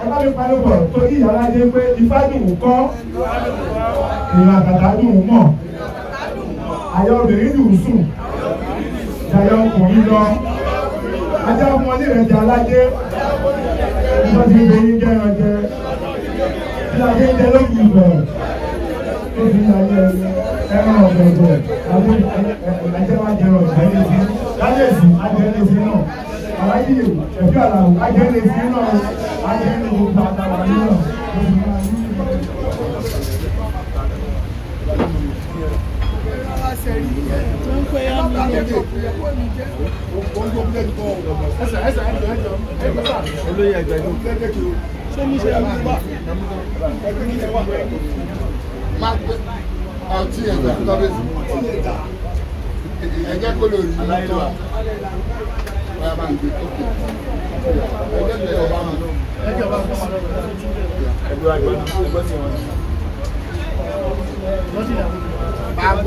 ẹ bá mi panupọ̀ torí ìyára dé pé ifá dùn kọ́ ìrìn àkàtà dùn mọ̀ àyà obìnrin dùn sùn jàyà ọkùnrin lọ ajá ọmọ onírẹ̀jẹ̀ aládé nígbà tí ìgbé yín jẹ́ ọjẹ́ tí adé ń jẹ lójú ìbọ̀ tó fi ayé ẹran ọ̀gbọ̀gbọ̀ adé ajẹ́wájẹ ọ̀gbẹ́lẹ́sí lálẹ́sí adé ẹlẹ́sí náà aláyé ẹ̀fí àlàó ajẹ́lẹ̀ sí náà ajẹ́lẹ̀ gbogbo àtàwà nínà. olóyè ẹgbẹ́ ló ṣé ní ṣe àwọn ọgbà máa gbé kó lè rí tó a. Àgbógbó. Thank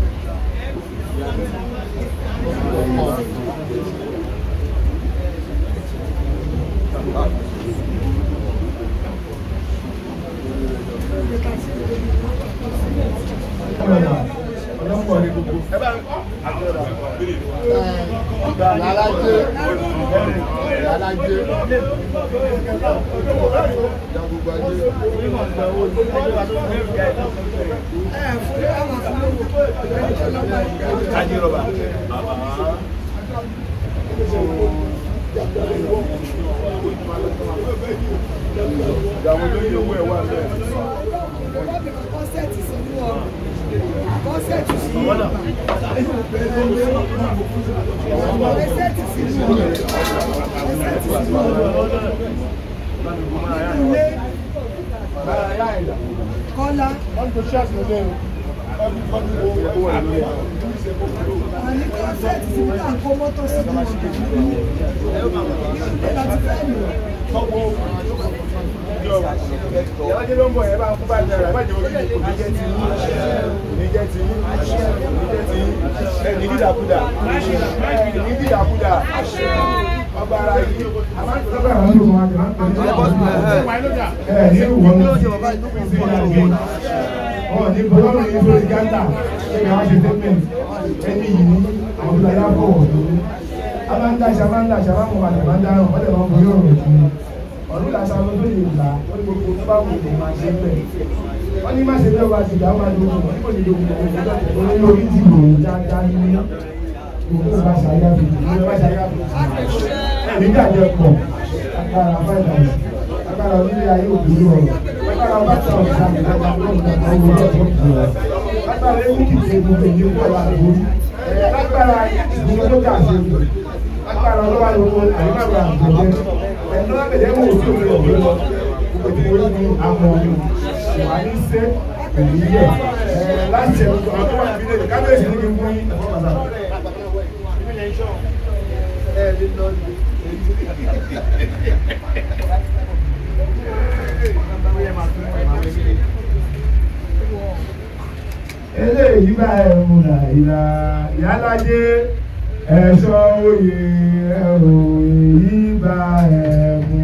alájẹ jagungbajẹ. kájí rọba. ìyàwó lóye owó ẹ̀ wà Kọ́lá. Wọ́n ti ṣe perfect sí ní àkó mọ́tò sí ní ìlú láti fẹ́ lò. Ìyáwó dé ló ń bọ̀ yẹn bá ń kú bá ìjọba ìbá ìjọba ìjọba kò ní jẹ́ ti yín ní jẹ́ ti yín ní àwọn fúlàní àbọ̀wọ̀ tó amáńdáṣe amáńdáṣe amáńdáṣe amáńdáṣe wọ́n lè máa borí ọ̀rọ̀ tó ọ̀rọ̀ làṣà ló tó lè là ó gbogbo tó bá wù kó máa ṣe bẹ́ẹ̀ wọ́n ní má ṣe bẹ́ẹ̀ wá sí ìyá máa lo òun kò ní lóko òun ní orí ti lò dáadáa ní gbogbo bá ṣàyà fi gbogbo bá ṣàyà fi nígbà jẹ pọ̀ agbára agbára orílẹ̀ ayé òkúrú agbára bá tà ọ̀sán ìlànà agbára ẹ̀mí ṣe gbogbo agbára ìdílé tó kà sí ìlú agbára ọlọ́wà lóko àyíkáwé àgbẹ̀jẹ ẹ̀dọ́ àgbẹ̀jẹ mú òsì òkè òkè lọ òkè orí ni àwọn ìwà ní sẹ́ pẹ̀lú yẹ láti ẹ̀rọ tó àwọn àbílẹ̀ kábíyèsí ní kíkún yín. Thank you eléyìí bá ẹ mú nàìjíríà ìyálàjẹ ẹṣọ oyè ẹrù èyí bá ẹ mú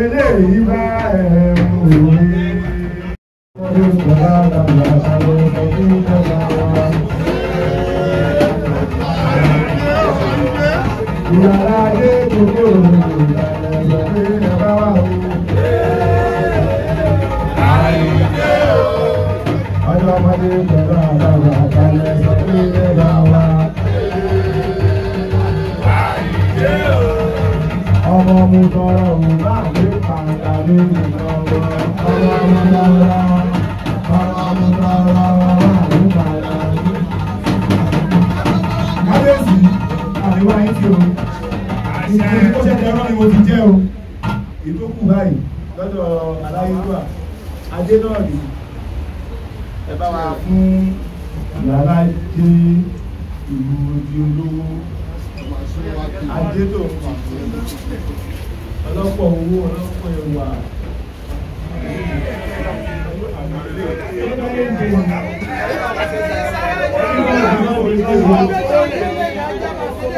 eléyìí bá ẹ mú òye. Ìyàrá dé kòkòrò ìgbàlẹ̀ ìgbàlẹ̀ bá wà wò. ọmọdé pẹ̀lú àbàwà balẹ̀ sọ pé ilé bá wa. ọmọ mu tọrọ òun bá gbé pàǹdà ní ìlọrọ ọmọ mu tọrọ ọmọ mu tọrọ adé náà nìyí ẹ bá wa fún yàrá dé ìlú odi olówó ajé tó ń pa ọlọ́pọ̀ owó ọlọ́pọ̀ ẹwà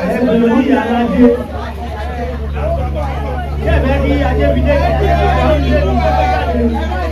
ẹgbẹ̀rún yìí aládé kẹ́ẹ̀mẹ́ kí adébídé kẹ́ẹ̀mẹ́ kí adébídé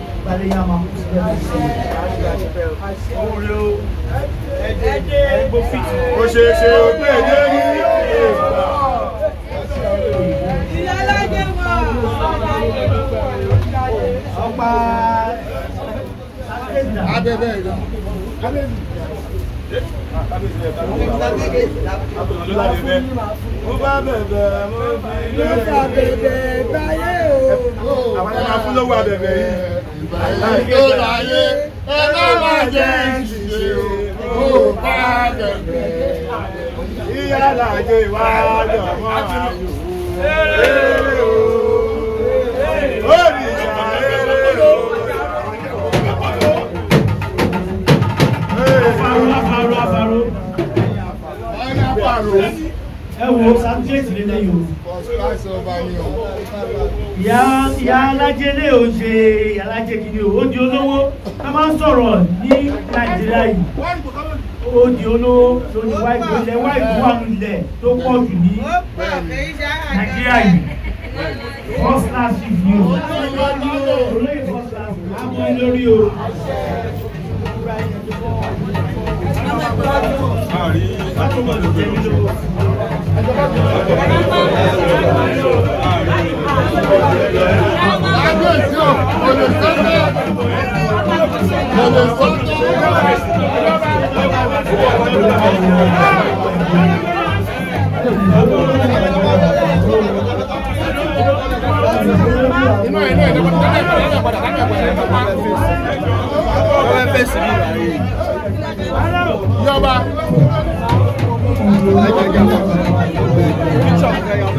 Ìpàdé yà máa mú sílẹ̀ ní ìṣẹ́. Òòlò ẹ̀dẹ̀ ẹgbòfì. Ó ṣe é ṣe òpé ẹ̀dẹ̀ ní ìgbà. Ìyálájẹ́ wà. Ọ̀pá. Abẹ́bẹ́ ìlú. Abẹ́bẹ́ mo bá bẹ̀bẹ̀ mo fi lọ́sà bẹ̀bẹ̀ báyé o. àwọn ọmọ afúnlọ́wọ́ abẹ̀bẹ̀ yìí ìbàlẹ̀ tó láyé ẹ má má jẹ́ ìṣiṣẹ́ o ó bá bẹ̀rẹ̀ ìyá làjọ ìwà àjọ máa yòó. Afaro, afaro, ẹ wo sátífẹ́tì lélẹ́ yìí o. ìyá ìyá alájẹ lè o ṣe ìyá alájẹ kìíní o ó di olówó ká máa ń sọ̀rọ̀ ní nàìjíríà yìí ó di olówó lórí wáìbù ilẹ̀ wáìbù wà nílẹ̀ tó pọ̀ jù ní nàìjíríà yìí first class review olóyè first class àmọ́ ẹ lórí o. Àrí àtúmọ̀ lóko lóko. Olha só, olha só.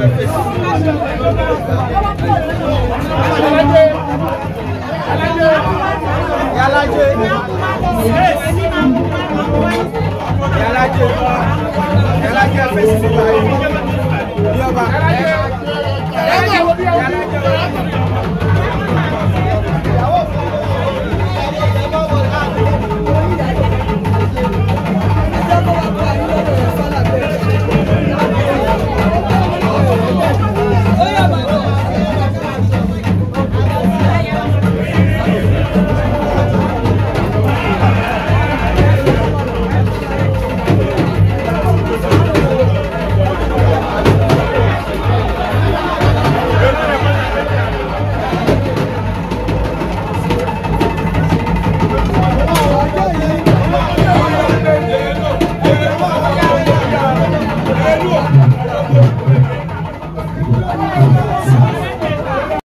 Yalaje, Yalaje fèsì báyìí, bí ọba.